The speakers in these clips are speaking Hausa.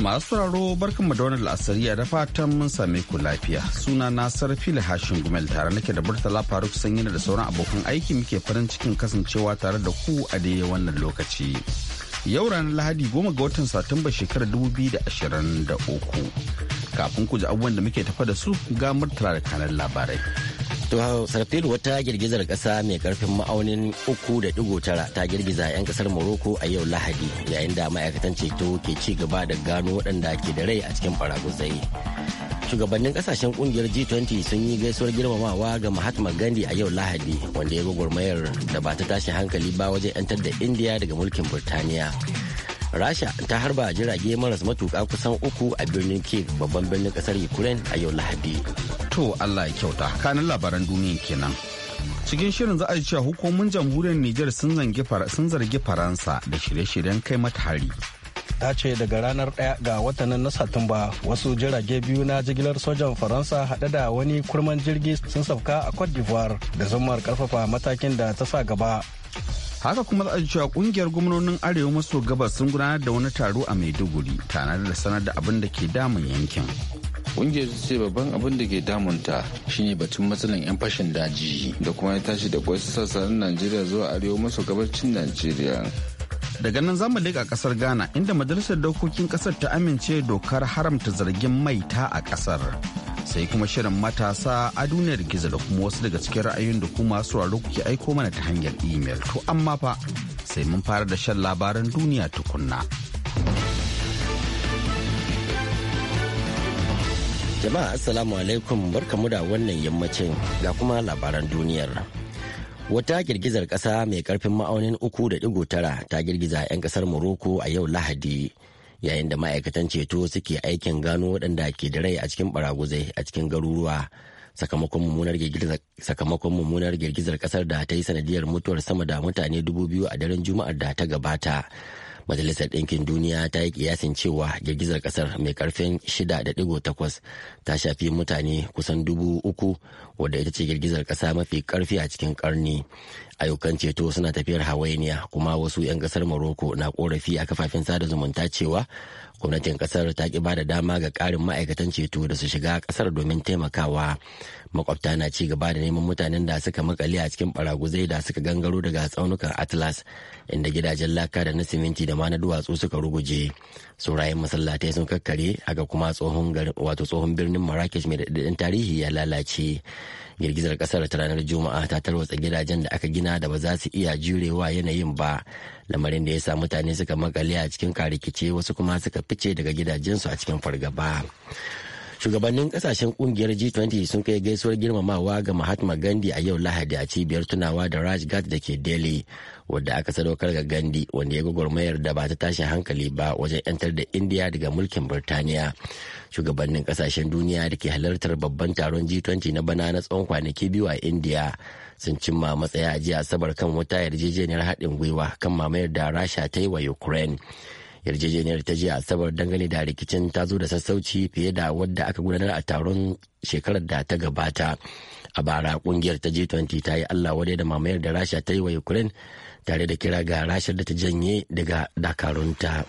Masu sauraro barkan mu da wannan la'asariya da fatan mun same ku lafiya. Suna na Sarfila Hashin Gumel tare nake da Murtala Faruk Sanyi da sauran abokan aiki muke farin cikin kasancewa tare da ku a dai wannan lokaci. Yau ranar Lahadi goma ga watan Satumba shekarar 2023. Kafin ku ji abubuwan da muke tafa da su ga Murtala da kanan labarai. To sarfilu wata girgizar kasa mai karfin ma'aunin uku da tara ta girgiza 'yan kasar Morocco a yau Lahadi yayin da ma'aikatan ceto ke ci gaba da gano waɗanda ke da rai a cikin baraguzai. Shugabannin kasashen kungiyar G20 sun yi gaisuwar girmamawa ga Mahatma Gandhi a yau Lahadi wanda ya gwagwarmayar da ba ta tashi hankali ba wajen 'yantar da India daga mulkin Burtaniya. Rasha ta harba jirage maras matuka kusan uku a birnin Kiev babban birnin kasar Ukraine a yau Lahadi. To Allah ya kyauta kanin labaran duniya kenan. Cikin shirin za a ji cewa hukumomin jamhuriyar Nijar sun zargi Faransa da shirye-shiryen kai mata hari. ta ce daga ranar ɗaya ga watanin na satumba wasu jirage biyu na jigilar sojan faransa hade da wani kurman jirgi sun safka a cote d'ivoire da zumar karfafa matakin da ta sa gaba haka kuma za a cewa kungiyar gwamnonin arewa maso gabas sun gudanar da wani taro a maiduguri tare da sanar da abin da ke damun yankin Ƙungiyar ce babban abin da ke damunta shine batun matsalan 'yan fashin daji da kuma ya tashi da wasu sassanin Najeriya zuwa arewa maso gabacin Najeriya. Daga nan zamu leƙa ƙasar Ghana inda majalisar dokokin ƙasar ta amince dokar haramta zargin maita a ƙasar. Sai kuma shirin matasa a duniyar gizo da kuma wasu daga cikin ra'ayoyin da kuma masu raro kuke aiko mana ta hanyar imel. To amma fa sai mun fara da shan labaran duniya tukunna. Jama'a Assalamu alaikum barkamu da wannan yammacin ga kuma labaran duniyar. Wata girgizar kasa mai karfin ma'aunin uku da ɗigo tara ta girgiza 'yan kasar Morocco a yau Lahadi yayin da ma'aikatan ceto suke aikin gano waɗanda ke da rai a cikin baraguzai a cikin garuruwa sakamakon mummunar girgizar kasar da ta yi sanadiyar mutuwar sama da mutane dubu biyu a daren juma'ar da ta gabata. Majalisar Ɗinkin Duniya ta yi kiyasin cewa girgizar ƙasar mai ƙarfin 6.8 ta shafi mutane kusan dubu uku wadda ita ce girgizar ƙasa mafi ƙarfi a cikin ƙarni. Ayyukan ceto suna tafiyar hawainiya kuma wasu 'yan ƙasar Morocco na ƙorafi a kafafen sada zumunta cewa gwamnatin kasar ta ki ba da dama ga karin ma'aikatan ceto da su shiga kasar domin taimakawa makwabta na ci gaba da neman mutanen da suka makale a cikin baraguzai da suka gangaro daga tsaunukan atlas inda gidajen laka da na siminti da ma na duwatsu suka ruguje saurayin masallatai sun kakkare haka kuma tsohon wato tsohon birnin marrakesh mai daɗaɗɗen tarihi ya lalace girgizar kasar ta ranar juma'a ta tarwatsa gidajen da aka gina da ba za su iya jurewa yanayin ba lamarin da ya sa mutane suka makale a cikin karikice wasu kuma suka fice daga gidajensu a cikin fargaba shugabannin kasashen kungiyar g20 sun kai gaisuwar girmamawa ga mahatma gandhi a yau lahadi a cibiyar tunawa da rajghat da ke delhi wadda aka sadaukar ga gandhi wanda ya gwagwarmayar da ba ta tashin hankali ba wajen 'yantar da indiya daga mulkin birtaniya shugabannin kasashen duniya da ke halartar babban taron g20 na bana na tsawon kwanaki biyu a indiya sun cimma matsaya jiya asabar kan wata yarjejeniyar haɗin gwiwa kan mamayar da rasha ta yi wa ukraine yarjejeniyar ta jiya asabar dangane da rikicin ta zo da sassauci fiye da wadda aka gudanar a taron shekarar da ta gabata a bara kungiyar ta g20 ta yi allah wadai da mamayar da rasha ta yi wa ukraine tare da kira ga rashar da ta janye daga dakarunta.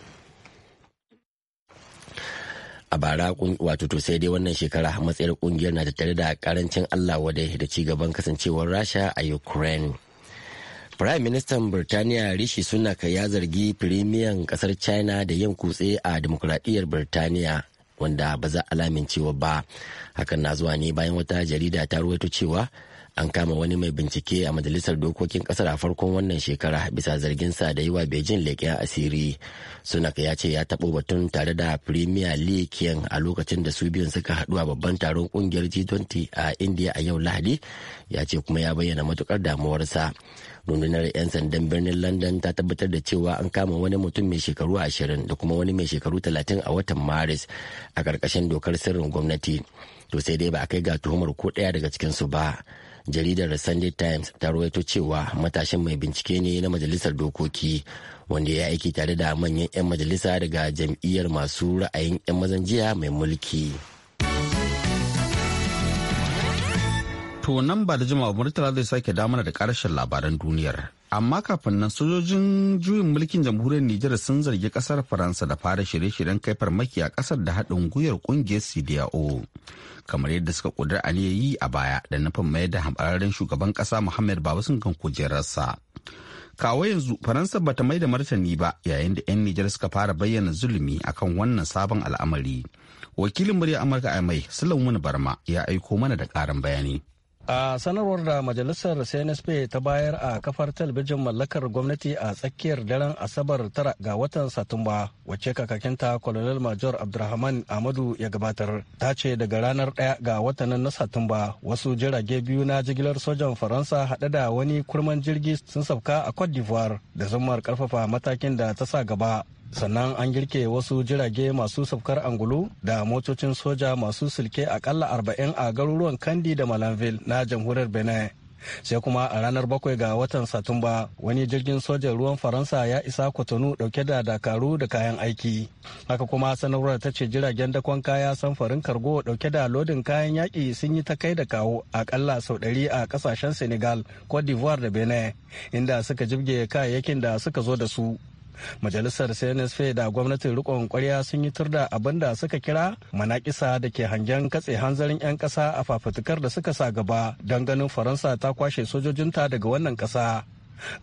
a bara wato to sai dai wannan shekara matsayar kungiyar na tattare da karancin allah wadai da ci gaban kasancewar rasha a ukraine Prime Minister Birtaniya Rishi Sunak ya zargi firimiyan kasar China da yin kutse a demokuraɗiyyar Birtaniya wanda ba za a lamincewa ba. Hakan na zuwa ne bayan wata jarida ta ruwaito cewa an kama wani mai bincike a majalisar dokokin kasar a farkon wannan shekara bisa zarginsa da yi wa beijing leƙen asiri sunak ya ce ya taɓo batun tare da premier league a lokacin da su biyun suka haɗu a babban taron ƙungiyar g20 a india a yau lahadi ya ce kuma ya bayyana matukar damuwarsa rundunar 'yan sandan birnin london ta tabbatar da cewa an kama wani mutum mai shekaru ashirin da kuma wani mai shekaru talatin a watan maris a ƙarƙashin dokar sirrin gwamnati to sai dai ba a kai ga tuhumar ko ɗaya daga cikinsu ba jaridar sunday times ta rawaito cewa matashin mai bincike ne na majalisar dokoki wanda ya aiki tare da manyan 'yan majalisa daga jam'iyyar masu ra'ayin 'yan mazan jiya mai mulki to nan ba da jimawa murtala zai sake damana da karshen labaran duniyar amma kafin nan sojojin juyin mulkin jamhuriyar nijar sun zargi kasar faransa da fara shirye-shiryen kai farmaki a kasar da haɗin gwiwar ƙungiyar cdao kamar yadda suka ƙudur yi a baya da nufin mai da hambararren shugaban ƙasa muhammad babu sun kan kujerarsa kawo yanzu faransa bata mai da martani ba yayin da 'yan nijar suka fara bayyana zulumi akan wannan sabon al'amari wakilin murya amurka a mai sulaiman barma ya aiko mana da ƙarin bayani a sanarwar da majalisar cnsp ta bayar a kafar talabijin mallakar gwamnati a tsakiyar daren asabar tara ga watan satumba wacce kakakinta colonel major abdulrahman amadu ya gabatar ta ce daga ranar daya ga watanin na satumba wasu jirage biyu na jigilar sojan faransa hade da wani kurman jirgi sun sauka a cote d'ivoire da zumar karfafa matakin da ta sa gaba sannan an girke wasu jirage masu safkar angulu da motocin soja masu silke akalla arba'in a garuruwan kandi da malanville na jamhuriyar benin sai kuma a ranar bakwai ga watan satumba wani jirgin sojan ruwan faransa ya isa kwatano dauke da dakaru da kayan aiki haka kuma sanarwar ta ce jiragen dakon kaya samfarin kargo dauke da lodin kayan yaƙi sun yi ta kai da kawo akalla sau ɗari a kasashen senegal cote d'ivoire da benin inda suka jibge kayayyakin da suka zo da su majalisar cnsf da gwamnatin rikon kwarya sun yi turda abin da suka kira manakisa da ke hangen katse hanzarin 'yan kasa a fafutukar da suka sa gaba don ganin faransa ta kwashe sojojinta daga wannan kasa.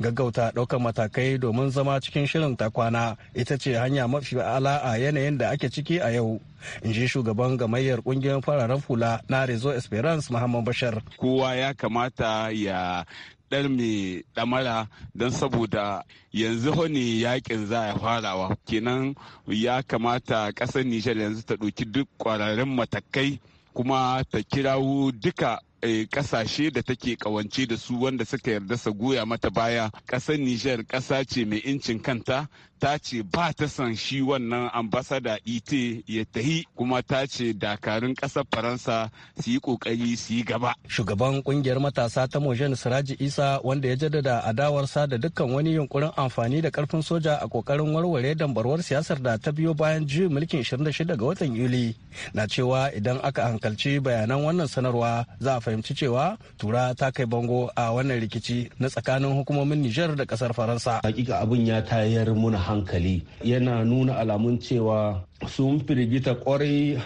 gaggauta ɗaukar matakai domin zama cikin shirin ta kwana ita ce hanya mafi ala a yanayin da ake ciki a yau in ji shugaban gamayyar kungiyar fararen fula na rezo esperance muhammad bashar kowa ya kamata ya dar mai ɗamara don saboda yanzu hone yakin za a farawa kenan ya kamata ƙasar nijar yanzu ta ɗauki duk ƙwararrun matakai kuma ta kirawo duka Eh, kasashe da take kawance da su wanda suka yarda su goya mata baya ƙasar niger ƙasa ce mai incin kanta ta ce ba ta san shi wannan ambasada ite ya tahi kuma ta ce dakarun ƙasar faransa su yi ƙoƙari su yi gaba. shugaban ƙungiyar matasa ta mojen siraji isa wanda ya jaddada adawarsa da dukkan wani yunkurin amfani da karfin soja a ƙoƙarin warware dambarwar siyasar da ta biyo bayan juyin mulkin 26 ga watan yuli na cewa idan aka hankalci bayanan wannan sanarwa za a fahimci cewa tura ta kai bango a wannan rikici na tsakanin hukumomin Nijar da kasar Faransa. Hakika abin ya tayar muna hankali yana nuna alamun cewa sun firgita kwarai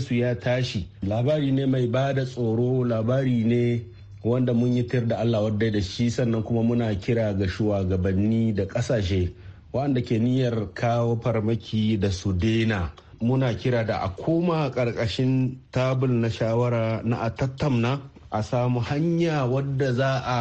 su ya tashi. Labari ne mai ba da tsoro labari ne wanda mun yi tir da Allah wadda da shi sannan kuma muna kira ga shugabanni da ƙasashe wanda ke niyyar kawo farmaki da su daina. muna kira da a koma ƙarƙashin tabul na shawara na a tattamna a samu hanya wadda za a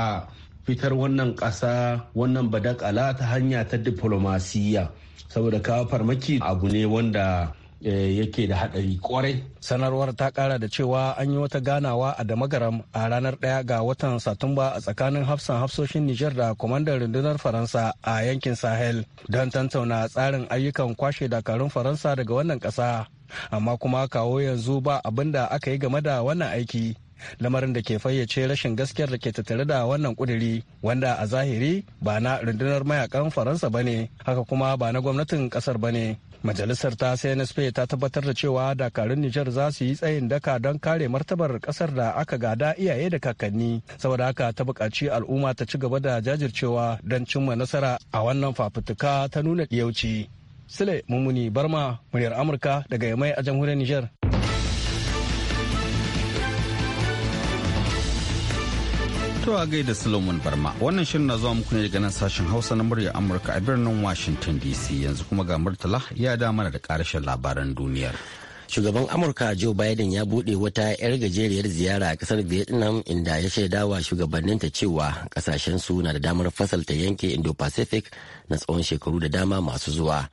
fitar wannan ƙasa wannan badakala ta hanya ta diplomasiya saboda kawo farmaki abu ne wanda Eh, yake da haɗari kwarai. Sanarwar ta kara da cewa an yi wata ganawa a Damagaram a ranar ɗaya ga watan Satumba a tsakanin hafsan hafsoshin Nijar da kwamandan rundunar Faransa a yankin Sahel don tantauna tsarin ayyukan kwashe dakarun Faransa daga wannan ƙasa. Amma kuma kawo yanzu ba abin da aka yi game da wannan aiki. lamarin da ke fayyace rashin gaskiyar da ke tattare da wannan kuduri wanda a zahiri ba na rundunar mayakan faransa ba ne haka kuma ba na gwamnatin kasar ba ne majalisar ta cnsp ta tabbatar da cewa dakarun nijar za su yi tsayin daka don kare martabar kasar da aka gada iyaye da kakanni saboda haka ta buƙaci al'umma ta ci gaba da jajircewa don cimma nasara a wannan fafutuka ta nuna yauci sule mummuni barma muryar amurka daga yamai a jamhuriyar nijar To a gaida Solomon Barma. Wannan shirin na zuwa muku ne daga nan sashen Hausa na murya Amurka a birnin Washington DC yanzu kuma ga Murtala ya da mana da karashin labaran duniyar. Shugaban Amurka Joe Biden ya bude wata 'yar gajeriyar ziyara a kasar Vietnam inda ya shaidawa shugabanninta cewa kasashen su na da damar fasalta yanke Indo-Pacific na tsawon shekaru da dama masu zuwa.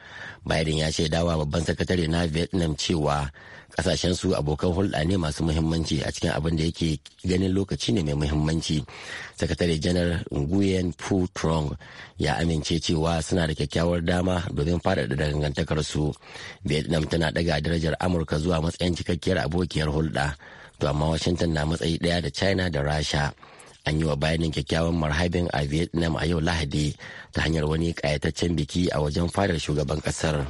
Biden ya shaidawa babban sakatare na Vietnam cewa kasashen su abokan hulɗa ne masu muhimmanci a cikin abin da yake ganin lokaci ne mai muhimmanci sakatare janar nguyen pu trong ya amince cewa suna da kyakkyawar dama domin faɗaɗa dangantakar su vietnam tana ɗaga darajar amurka zuwa matsayin cikakkiyar abokiyar hulɗa to amma washington na matsayi ɗaya da china da rasha an yi wa bayanin kyakkyawan marhabin a vietnam a yau lahadi ta hanyar wani ƙayataccen biki a wajen fadar shugaban ƙasar.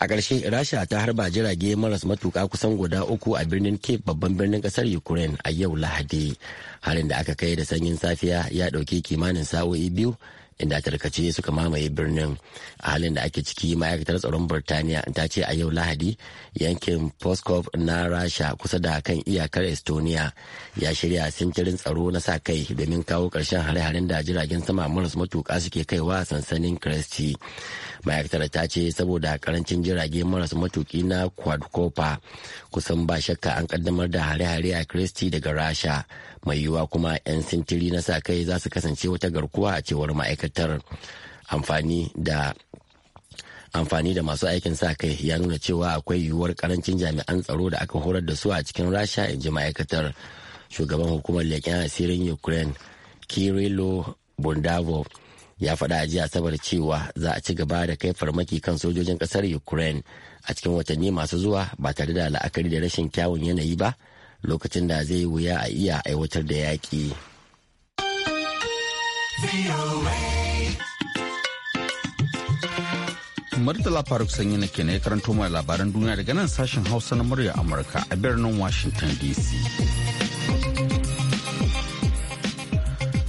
a ƙarshe rasha ta harba jirage maras matuƙa kusan guda uku a birnin cape babban birnin ƙasar ukraine a yau lahadi harin da aka kai da sanyin safiya ya ɗauki kimanin sa'o'i biyu inda tarkace suka mamaye birnin a halin da ake ciki ma'aikatar tsaron birtaniya ta ce a yau lahadi yankin poskov na rasha kusa da kan iyakar estonia ya shirya sintirin tsaro na sa kai domin kawo karshen hare-haren da jiragen sama maras matuka suke kaiwa a sansanin kresti ma'aikatar ta ce saboda karancin jirage maras matuƙi na quadcopa kusan ba shakka an kaddamar da hare-hare a kresti daga rasha mai yiwuwa kuma 'yan sintiri na sa kai za su kasance wata garkuwa a cewar ma'aikatar amfani da amfani da masu aikin sa kai ya nuna cewa akwai yiwuwar karancin jami'an tsaro da aka horar da su a cikin rasha in ji ma'aikatar shugaban hukumar leƙen asirin ukraine kirilo bundavo ya faɗa a jiya asabar cewa za a ci gaba da kai farmaki kan sojojin ƙasar ukraine a cikin watanni masu zuwa ba tare da la'akari da rashin kyawun yanayi ba lokacin da zai wuya a iya aiwatar da yaƙi. Murtala Faruk Sanyi na ke karanto mai labaran duniya daga nan sashen Hausa na murya Amurka a birnin Washington DC.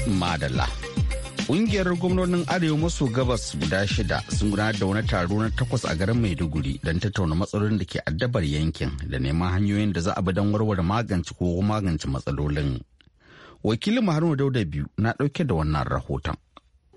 Madala. Ƙungiyar gwamnonin Arewa maso gabas guda shida sun gudanar da wani taro na takwas a garin Maiduguri don tattauna matsalolin da ke addabar yankin da neman hanyoyin da za a bi don warware magance ko magance matsalolin. Wakilin Maharuna Dauda biyu na ɗauke da wannan rahoton.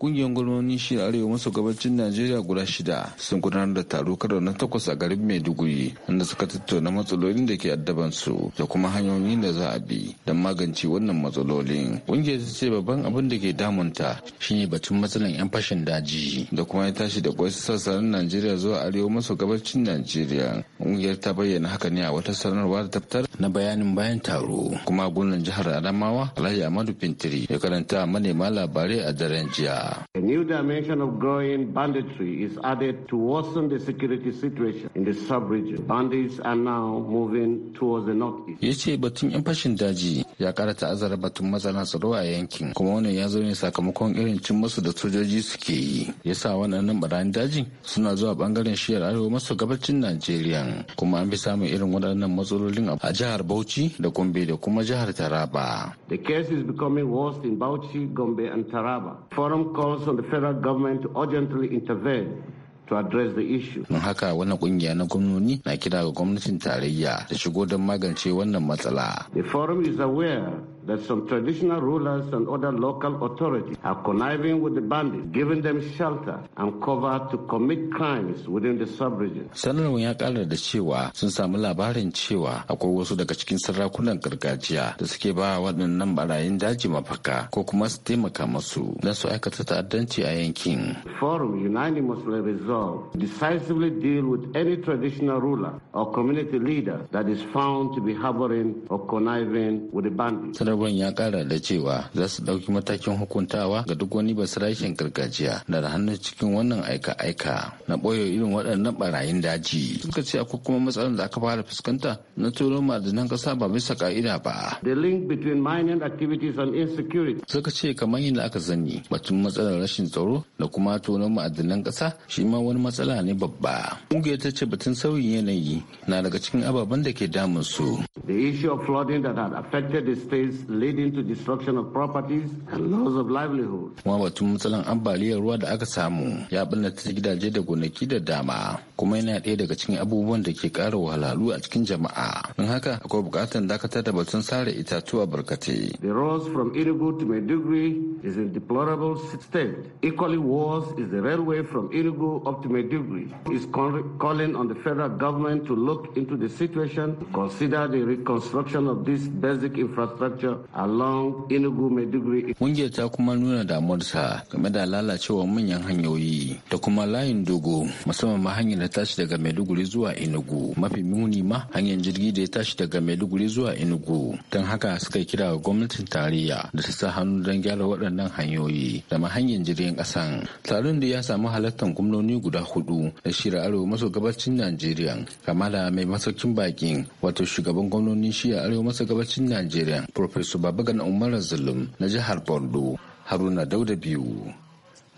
Kungiyar gwamnonin shi da arewa maso gabacin Najeriya guda shida sun gudanar da taro karo na takwas a garin Maiduguri inda suka tattauna matsalolin da ke addaban su da kuma hanyoyin da za a bi don magance wannan matsalolin. Kungiyar ta ce babban abin da ke damunta shine batun matsalan 'yan fashin daji da kuma ya tashi da wasu sassanin Najeriya zuwa arewa maso gabacin Najeriya. Kungiyar ta bayyana haka ne a wata sanarwa da taftar na bayanin bayan taro kuma gwamnan jihar Adamawa Alhaji Ahmadu Fintiri ya karanta manema labarai a daren jiya. A new dimension of growing banditry is added to worsen the security situation in the sub-region. Bandits are now moving towards the northeast. Ya ce batun 'yan fashin daji ya kara ta'azzara batun matsala tsaro a yankin kuma wannan ya zo ne sakamakon irin cin masu da sojoji suke yi. Ya sa waɗannan barayin daji suna zuwa bangaren shiyar arewa maso gabacin Najeriya kuma an fi samun irin waɗannan matsalolin a jihar Bauchi da Gombe da kuma jihar Taraba. The case is becoming worse in Bauchi, Gombe and Taraba. Forum calls on the federal government to urgently intervene to address the issue. Don haka wannan kungiya na gwamnoni na kira ga gwamnatin tarayya da shigo don magance wannan matsala. The forum is aware that some traditional rulers and other local authorities are conniving with the bandits, giving them shelter and cover to commit crimes within the sub-region. Sanarwar ya kara da cewa sun samu labarin cewa akwai wasu daga cikin sarakunan gargajiya da suke ba waɗannan barayin daji mafaka ko kuma su taimaka masu don su aikata ta'addanci a yankin. Forum unanimously resolved decisively deal with any traditional ruler or community leader that is found to be harboring or conniving with the bandits. sanarwar ya kara da cewa za su ɗauki matakin hukuntawa ga duk wani basirashin gargajiya da da hannu cikin wannan aika-aika na ɓoye irin waɗannan barayin daji suka ce akwai kuma matsalar da aka fara fuskanta na turo ma'adanan ƙasa ba bisa ka'ida ba the link between mining activities and insecurity suka ce kamar yadda aka sani batun matsalar rashin tsaro da kuma tonon ma'adanan ƙasa shi ma wani matsala ne babba ƙungiyar ta ce batun sauyin yanayi na daga cikin ababen da ke damun su the issue of flooding that had affected the states leading to destruction of properties and loss of livelihood. Kuma batun matsalan ambaliyar ruwa da aka samu ya ɓannata gidaje da gonaki da dama kuma yana ɗaya daga cikin abubuwan da ke ƙara wahalhalu a cikin jama'a. Don haka akwai buƙatar dakatar da batun sare itatuwa barkatai. The roads from Irugu to Maiduguri is in deplorable state. Equally worse is the railway from Irugu up to Maiduguri. is calling on the federal government to look into the situation, consider the reconstruction of this basic infrastructure border along Enugu Maiduguri. Kungiyar ta kuma nuna damarsa game da lalacewar manyan hanyoyi da kuma layin dogo musamman ma hanyar da tashi daga Maiduguri zuwa inugu mafi muni ma hanyar jirgi da ya tashi daga Maiduguri zuwa inugu don haka suka kira ga gwamnatin tarayya da su sa hannu don gyara waɗannan hanyoyi da ma hanyar jirgin ƙasan. Taron da ya samu halartar gwamnoni guda hudu da shira arewa maso gabacin Najeriya kama da mai masaukin bakin wato shugaban gwamnonin shiya arewa maso gabacin Najeriya Prof. babu babagan umar zulum na jihar borno haruna dauda biyu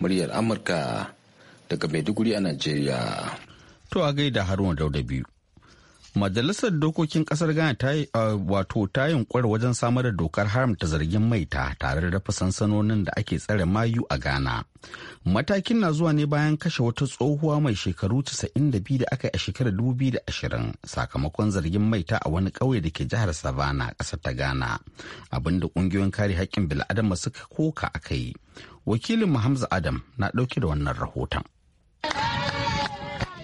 muryar amurka daga maiduguri a najeriya to a gaida haruna dauda biyu Majalisar Dokokin Kasar Ghana ta uh, wato ta yunkuri wajen samar da dokar haramta zargin maita tare da rafa sansanonin da ake tsare mayu a Ghana. Matakin na zuwa ne bayan kashe wata tsohuwa mai shekaru 92 da aka yi a shekarar 2020 sakamakon zargin maita a wani ƙauye da ke jihar Savannah ƙasar ta Ghana. Abin da ƙungiyoyin kare haƙƙin bil'adama suka koka aka yi. Wakilin Muhammad Adam na ɗauke da wannan rahoton.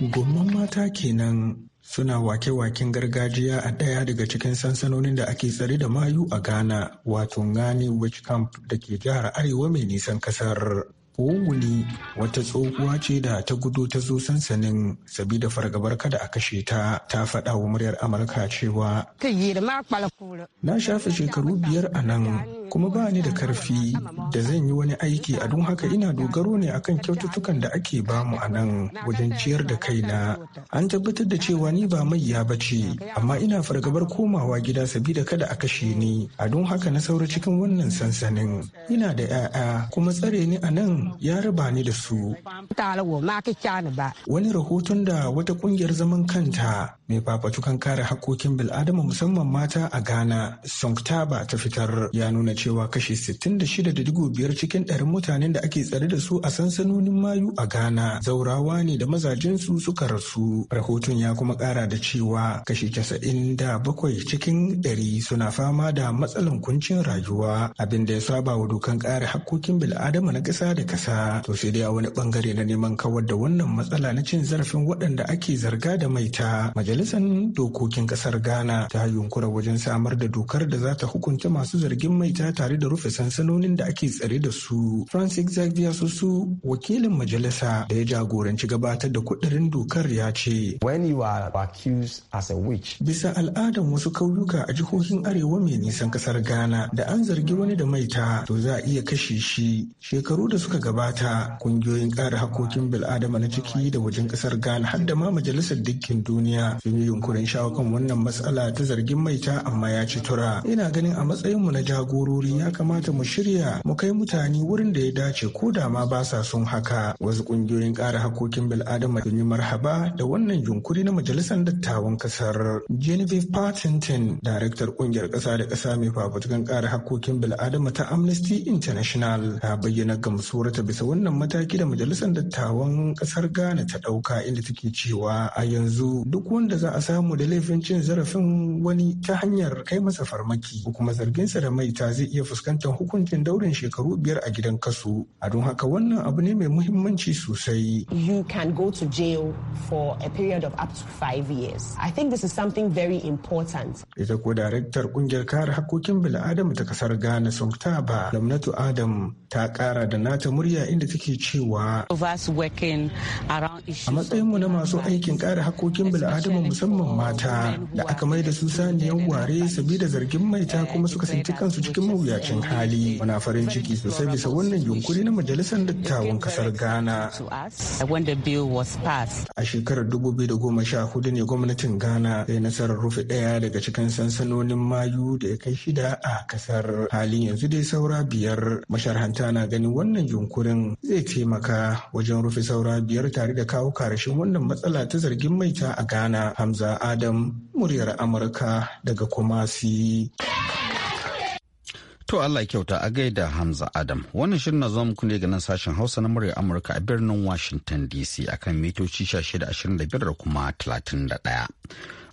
Gumman mata kenan suna wake-waken gargajiya a ɗaya daga cikin sansanonin da ake tsare da mayu a ghana wato ngani witch camp da ke jihar arewa mai nisan kasar Owuni wata tsohuwa ce da ta gudu ta zo sansanin sabida fargabar kada a kashe ta ta faɗa wa muryar Amurka cewa. Na shafe shekaru biyar a nan kuma ba ni da karfi da zan yi wani aiki a don haka ina dogaro ne akan kyaututtukan da ake bamu a nan wajen ciyar da kaina an tabbatar da cewa ni ba mai ba ce amma ina fargabar komawa gida sabida kada a kashe ni a don haka na saura cikin wannan sansanin ina da 'ya'ya kuma tsare ni a nan ya raba ni da su wani rahoton da wata kungiyar zaman kanta mai fafatukan kare hakkokin bil'adama musamman mata a ghana songtaba ta fitar ya nuna cewa kashi 66.5 cikin ɗarin mutanen da ake tsare da su a sansanonin mayu a Ghana zaurawa ne da mazajensu suka rasu. Rahoton ya kuma ƙara da cewa kashi 97 cikin ɗari suna fama da matsalan kuncin rayuwa abin da ya saba wa dokan kare hakkokin bil'adama na ƙasa da ƙasa. To sai dai a wani bangare na neman kawar da wannan matsala na cin zarafin waɗanda ake zarga da maita. Majalisar dokokin ƙasar Ghana ta yunkura wajen samar da dokar da za ta hukunta masu zargin maita gida tare da rufe sansanonin da ake tsare da su francis xavier susu wakilin majalisa da ya jagoranci gabatar da kudirin dokar ya ce when you are accused as a witch bisa al'adan wasu kauyuka a jihohin arewa mai nisan kasar ghana da an zargi wani da maita to za a iya kashe shi shekaru da suka gabata kungiyoyin kare hakokin bil'adama na ciki da wajen kasar ghana har da ma majalisar dukkin duniya sun yi yunkurin shawo wannan matsala ta zargin maita amma ya ci tura ina ganin a matsayinmu na jagoro wuri ya kamata mu shirya mu kai mutane wurin da ya dace ko da ma ba sa son haka wasu ƙungiyoyin ƙara hakokin bil'adama sun yi marhaba da wannan yunkuri na majalisar dattawan kasar Genevieve patenton daraktar ƙungiyar ƙasa da ƙasa mai fafutukan kare hakokin bil'adama ta Amnesty International ta bayyana gamsuwar ta bisa wannan mataki da majalisar dattawan kasar Ghana ta ɗauka inda take cewa a yanzu duk wanda za a samu da laifin cin zarafin wani ta hanyar kai masa farmaki ko kuma zarginsa da maita zai iya fuskantar hukuncin daurin shekaru biyar a gidan kasu a don haka wannan abu ne mai muhimmanci sosai you can go to jail for a period of up to five years i think this is something very important ita ko daraktar kungiyar kare hakokin bil'adama ta kasar ghana sankta ba lamnatu adam ta kara da nata murya inda take cewa a matsayinmu na masu aikin kare hakokin bil'adama musamman mata da aka mai da su saniyan ware sabida zargin maita kuma suka sinci kansu cikin mawuyacin hali muna farin ciki sosai bisa wannan yunkuri na majalisar dattawan kasar ghana a shekarar 2014 ne gwamnatin ghana ya nasarar rufe daya daga cikin sansanonin mayu da ya kai shida a kasar halin yanzu dai saura biyar masharhanta na ganin wannan yunkurin zai taimaka wajen rufe saura biyar tare da kawo karashin wannan matsala ta zargin maita a ghana hamza adam muryar amurka daga kumasi. To Allah kyauta a gaida Hamza Adam. Wannan shirin na zo muku ne ga nan sashen Hausa na murya Amurka a birnin Washington DC akan mitoci 1625 da kuma 31.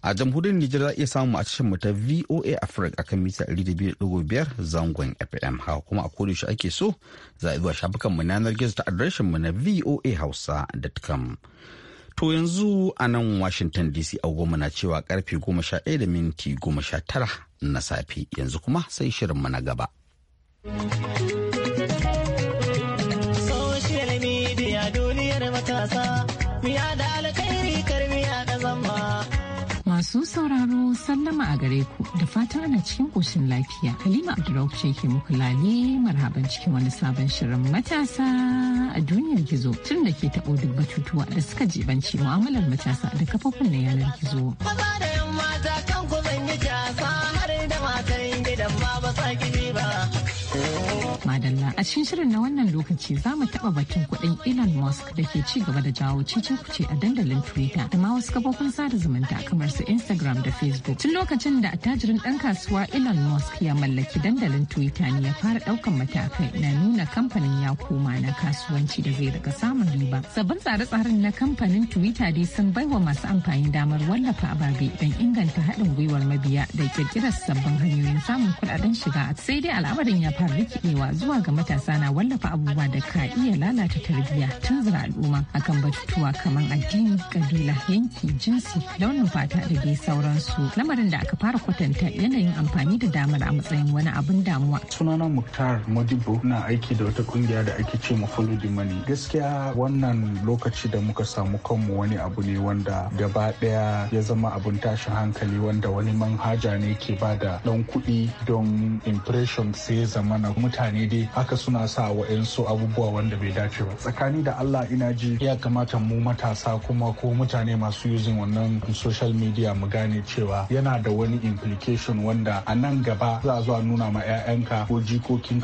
A jamhuriyar Nijar za iya samu a cikin ta VOA Africa akan mita 200.5 zangon FM. Haka kuma a kodayaushe ake so za a zuwa shafukan mu yanar gizo ta adireshinmu mu na voahausa.com. To yanzu a nan Washington DC agogo na cewa karfe goma sha ɗaya da minti goma sha tara na safe yanzu kuma sai shirin na gaba. sauraro sallama a gare ku da fatan ana cikin koshin lafiya. Halima Abdurrauk ce ke muku lale marhaban cikin wani sabon shirin matasa a duniyar gizo. Tun da ke taɓo duk batutuwa da suka jibanci mu'amalar matasa da kafofin na yanar gizo. Maza da yamma mata kan ku yi jasa. A cikin shirin na wannan lokaci za mu taɓa batun kuɗin Elon Musk da ke ci gaba da jawo cece kuce a dandalin Twitter da ma wasu kafofin sada zumunta kamar su Instagram da Facebook. Tun lokacin da attajirin ɗan kasuwa Elon Musk ya mallaki dandalin Twitter ne ya fara ɗaukan matakai na nuna kamfanin ya koma na kasuwanci da zai daga samun riba. Sabbin tsare-tsaren na kamfanin Twitter dai sun baiwa masu amfani damar wallafa ababe don inganta haɗin gwiwar mabiya da kirkirar sabbin hanyoyin samun kuɗaɗen shiga. Sai dai al'amarin ya fara rikidewa zuwa ga matasa na wallafa abubuwa da ka iya lalata tarbiyya tun zira al'umma akan batutuwa kamar addini kabila yanki jinsi launin fata da dai sauransu lamarin da aka fara kwatanta yanayin amfani da damar a matsayin wani abin damuwa sunana muktar modibo na aiki da wata kungiya da ake ce mu di mani. gaskiya wannan lokaci da muka samu kanmu wani abu ne wanda gaba daya ya zama abin tashin hankali wanda wani manhaja ne ke ba da dan kuɗi don impression sai zamana mutane dai haka suna sa wa su abubuwa wanda bai dace ba tsakani da allah ina ji ya kamata mu matasa kuma ko mutane masu yuzin wannan social media mu gane cewa yana da wani implication wanda a nan gaba za a zo a nuna ma 'ya'yanka ko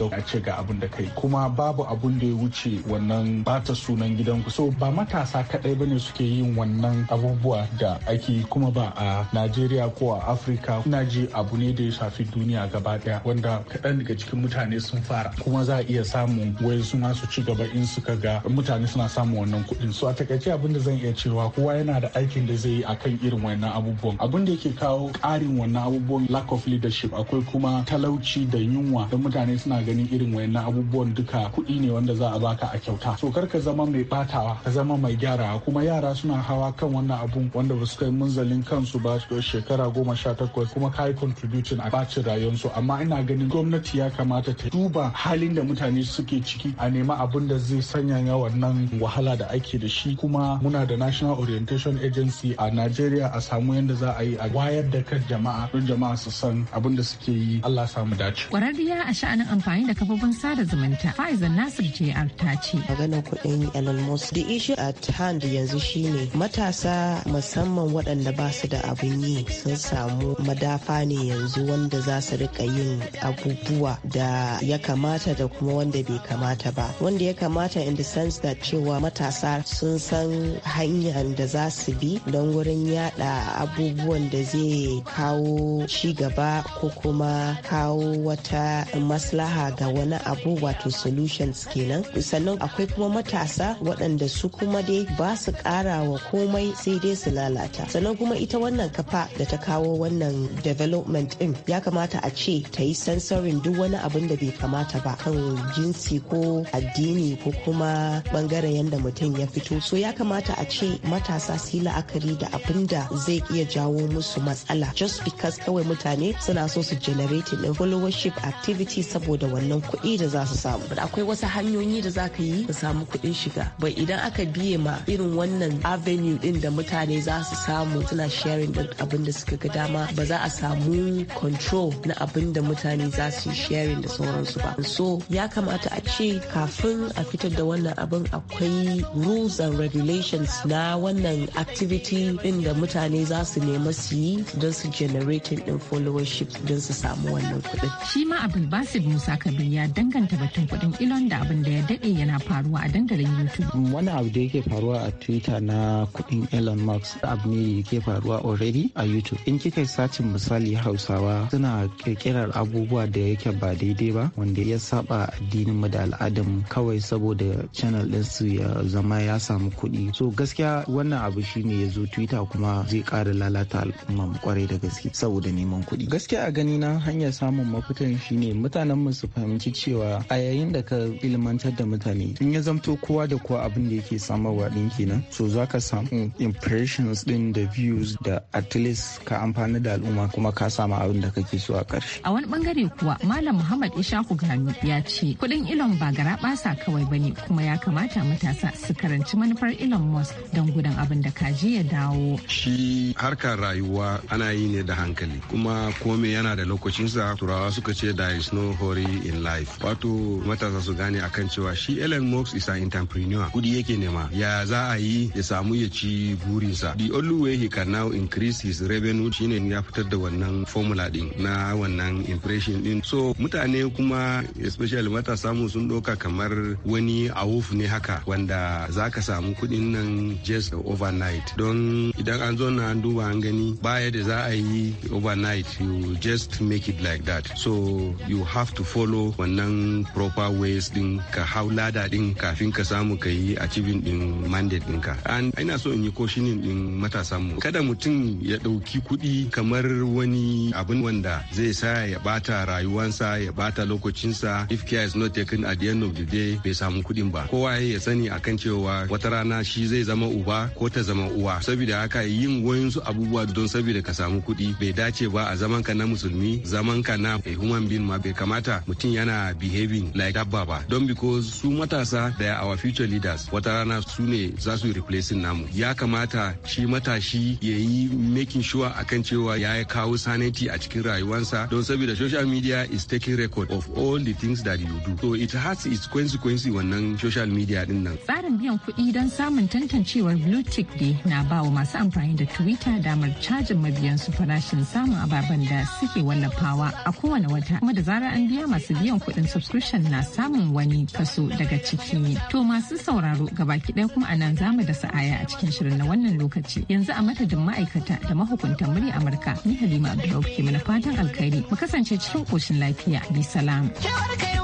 ka a ce ga abin da kai kuma babu abun da ya wuce wannan bata sunan gidanku so ba matasa kadai bane suke yin wannan abubuwa da ake kuma ba a najeriya ko a afirka ina ji abu ne da ya shafi duniya gaba daya wanda kaɗan daga cikin mutane sun fara kuma za iya samun wai su ci gaba in suka ga mutane suna samun wannan kuɗin so a takaice abin da zan iya cewa kowa yana da aikin da zai yi akan irin wannan abubuwan abin da yake kawo ƙarin wannan abubuwan lack of leadership akwai kuma talauci da yunwa da mutane suna ganin irin wannan abubuwan duka kuɗi ne wanda za a baka a kyauta so kar ka zama mai batawa ka zama mai gyara kuma yara suna hawa kan wannan abun wanda ba su kai munzalin kansu ba shekara goma sha takwas kuma ka yi contributing a bacin rayuwarsu amma ina ganin gwamnati ya kamata ta duba halin da mutane suke ciki a nema abin da zai sanya sanyaya wannan wahala da ake da shi kuma muna da national orientation agency a nigeria a samu yadda za a yi a wayar da kan jama'a don jama'a su san abin da suke yi allah samu dace kwararriya a sha'anin amfani da kafofin sada zumunta faiza nasir jr ta ce maganar kuɗin elon musk the issue at hand yanzu shine matasa musamman waɗanda ba su da abin yi sun samu madafa ne yanzu wanda za su rika yin abubuwa da ya kamata da kuma kuma wanda bai kamata ba wanda ya kamata in the sense that cewa matasa sun san hanyar da za su bi don wurin yada abubuwan da zai kawo shi gaba ko kuma kawo wata maslaha ga wani abu wato solutions kenan sannan akwai kuma matasa waɗanda su kuma dai ba su ƙara wa komai sai dai su lalata sannan kuma ita wannan kafa da ta kawo wannan development din ya kamata a ce ta yi sensorin duk wani abin da bai kamata ba kan jinsi ko addini ko kuma bangare yadda mutum ya fito so ya kamata a ce matasa su yi la'akari da abin da zai iya jawo musu matsala just because kawai mutane suna so su in din followership activity saboda wannan kuɗi da za su samu akwai wasu hanyoyi da za ka yi ka samu kuɗin shiga ba idan aka biye ma irin wannan avenue din da mutane za su samu suna sharing din abin da suka ga dama ba za a samu control na abin da mutane za su yi sharing da sauransu ba so ya ya kamata a ce kafin a fitar da wannan abin akwai rules and regulations na wannan activity inda mutane za su nema su yi don su generating din followership don su samu wannan kuɗin. Shi ma abin basir Musa Kabir ya danganta batun kuɗin ilon da abin da ya dade yana faruwa a dangaren YouTube. Wani abu da yake faruwa a Twitter na kudin Elon Musk abu ne yake faruwa already a YouTube. In kika sacin misali Hausawa suna kirkirar abubuwa da yake ba daidai ba wanda ya saba addinin mu da mu kawai saboda channel din su ya zama ya samu kuɗi so gaskiya wannan abu shine ya zo twitter kuma zai ƙara lalata al'umma kwarai da gaske saboda neman kuɗi gaskiya a gani na hanyar samun mafitan shine mutanen mu su fahimci cewa a yayin da ka ilmantar da mutane in ya zamto kowa da kowa abin da yake samarwa din kenan so za ka samu impressions din da views da at least ka amfani da al'umma kuma ka samu abin da kake so a ƙarshe a wani bangare kuwa malam muhammad ishaku gani ya ce ce kuɗin Elon ba gara basa kawai bane kuma ya kamata matasa su karanci manufar Elon Musk don gudan abin da kaji ya dawo. Shi harkar rayuwa ana yi ne da hankali kuma komai yana da lokacinsa turawa suka ce da is no hurry in life. Wato matasa su gane akan cewa shi Elon Musk is an entrepreneur kudi yake nema ya za a yi ya samu ya ci burinsa. The only way he can now increase his revenue shine ya fitar da wannan formula din na wannan impression din. So mutane kuma especially alal mata mu sun ɗauka kamar wani awuf ne haka wanda za ka samu kuɗin nan just overnight don idan an zo na duba an gani baya da za a yi overnight you just make it like that so you have to follow wannan proper ways din ka hau lada din kafin ka samu ka yi achieving din mandate ɗinka an ina so in yi koshinin din matasan mu kada mutum ya ɗauki kuɗi kamar wani abin wanda zai sa ya bata rayuwansa ya bata lokacinsa if care notekin not taken at the end of the day bai samu kuɗin ba kowa ya sani akan cewa wata rana shi zai zama uba ko ta zama uwa saboda haka yin wayansu abubuwa don saboda ka samu kuɗi bai dace ba a zaman ka na musulmi zaman ka na a human being ma bai kamata mutum yana behaving like dabba ba don because su matasa da our future leaders wata rana su ne za su replacing namu ya kamata shi matashi ya yi making sure akan cewa ya kawo sanity a cikin rayuwarsa don saboda social media is taking record of all the things that yudu so it has its consequence wannan social media din nan tsarin biyan kuɗi don samun tantancewar blue tick dai na ba wa masu amfani da twitter damar cajin mabiyan su farashin samun ababen da suke wallafawa a kowane wata kuma da zarar an biya masu biyan kuɗin subscription na samun wani kaso daga ciki to masu sauraro gabaki ɗaya kuma a nan zamu da sa'aya a cikin shirin na wannan lokaci yanzu a madadin ma'aikata da mahukuntan murya amurka ni halima abdullahi ke mana fatan alkhairi mu kasance cikin koshin lafiya bi salam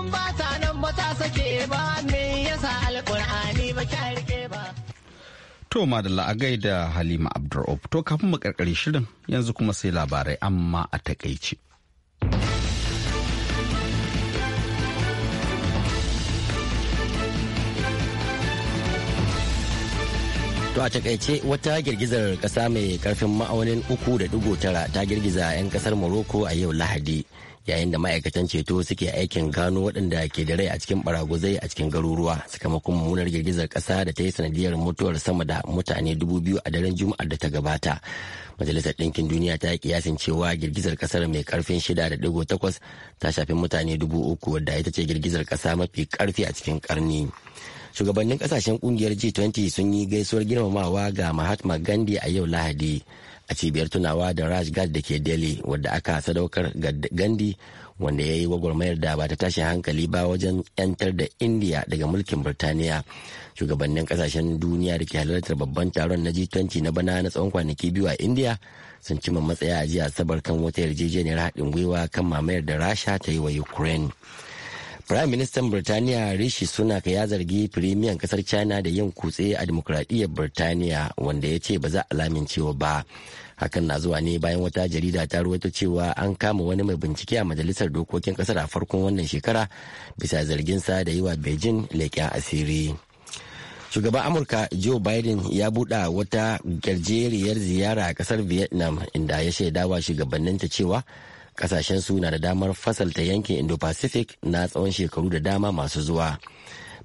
in ba ta nan ba ta sake ba me yasa alkur'ani ba ka rike ba To madalla a gaida Halima Abdur'ub to kafin mu karkare shirin yanzu kuma sai labarai amma a takaice. To a takaice wata girgizar kasa mai karfin ma'aunin 3.9 ta girgiza 'yan kasar Morocco a yau Lahadi. yayin da ma'aikatan ceto suke aikin gano waɗanda ke da rai a cikin baraguzai a cikin garuruwa sakamakon mummunar girgizar ƙasa da ta yi sanadiyar mutuwar sama da mutane dubu biyu a daren juma'ar da ta gabata majalisar ɗinkin duniya ta yi kiyasin cewa girgizar ƙasar mai ƙarfin shida da ɗigo takwas ta shafi mutane dubu uku wadda ita ce girgizar ƙasa mafi ƙarfi a cikin ƙarni shugabannin ƙasashen ƙungiyar g20 sun yi gaisuwar girmamawa ga mahatma gandhi a yau lahadi a cibiyar tunawa da rajgad da ke delhi wadda aka sadaukar gandi wanda ya yi gwagwarmayar da ba ta tashi hankali ba wajen 'yantar da india daga mulkin birtaniya shugabannin kasashen duniya da ke halartar babban taron na g20 na bana na tsawon kwanaki biyu a india sun cima matsaya a jiya asabar kan wata yarjejeniyar haɗin gwiwa kan mamayar da rasha ta yi wa ukraine Prime Minister Birtaniya Rishi Sunak ya zargi firimiyan kasar China da yin kutse a demokuraɗiyyar Birtaniya wanda ya ce ba za a lamincewa ba. Hakan na zuwa ne bayan wata jarida ta ruwaito cewa an kama wani mai bincike a majalisar dokokin kasar a farkon wannan shekara bisa zargin sa da yi wa Beijing leƙen asiri. Shugaban Amurka Joe Biden ya buɗa wata gajeriyar ziyara a kasar Vietnam inda ya shaidawa shugabanninta cewa kasashen su na da damar fasalta yankin indo-pacific na tsawon shekaru da dama masu zuwa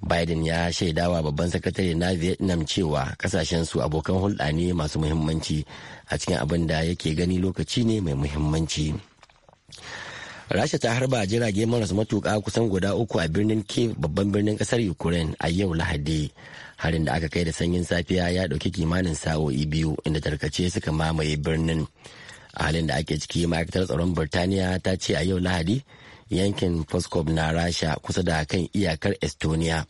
biden ya shaidawa babban sakatare na vietnam cewa kasashen su abokan hulɗa ne masu muhimmanci a cikin abin da yake gani lokaci ne mai muhimmanci rasha ta harba jirage maras matuka kusan guda uku a birnin kiev babban birnin kasar ukraine a yau lahadi harin da aka kai da sanyin safiya ya ɗauki kimanin sa'o'i biyu inda tarkace suka mamaye birnin a halin da ake ciki ma'aikatar tsaron birtaniya ta ce a yau lahadi yankin foskop na rasha kusa da kan iyakar estonia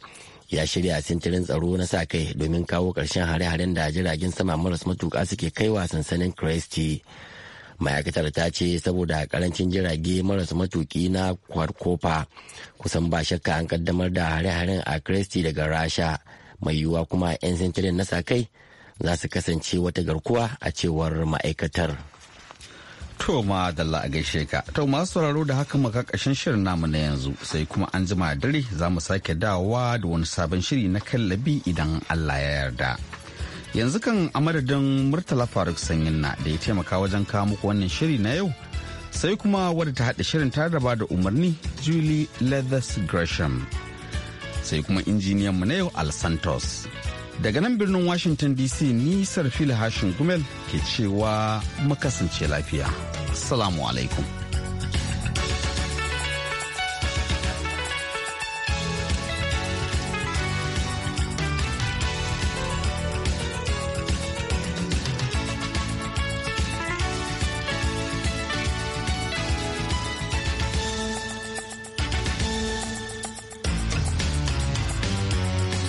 ya shirya sintirin tsaro na sa kai domin kawo ƙarshen hare-haren da jiragen sama maras matuka suke kaiwa sansanin kristi ma'aikatar ta ce saboda karancin jirage maras matuki na kwarkofa kusan ba shakka an kaddamar da hare-haren a kristi daga rasha mai yiwuwa kuma 'yan sintirin na sa kai za su kasance wata garkuwa a cewar ma'aikatar. To ma dalla a gaishe ka. To masu sauraro da haka maka ƙashin shirin namu na yanzu sai kuma an jima dare za mu sake dawowa da wani sabon shiri na kallabi idan Allah ya yarda. Yanzu kan a Murtala Faruk Sanyin na da ya taimaka wajen kawo muku wannan shiri na yau. Sai kuma wadda ta haɗa shirin ta da da umarni Julie Leathers Gresham. Sai kuma injiniyan mu na yau Al Santos. Daga nan birnin Washington DC ni Sarfila Hashin Gumel ke cewa makasance lafiya. Salamu alaikum.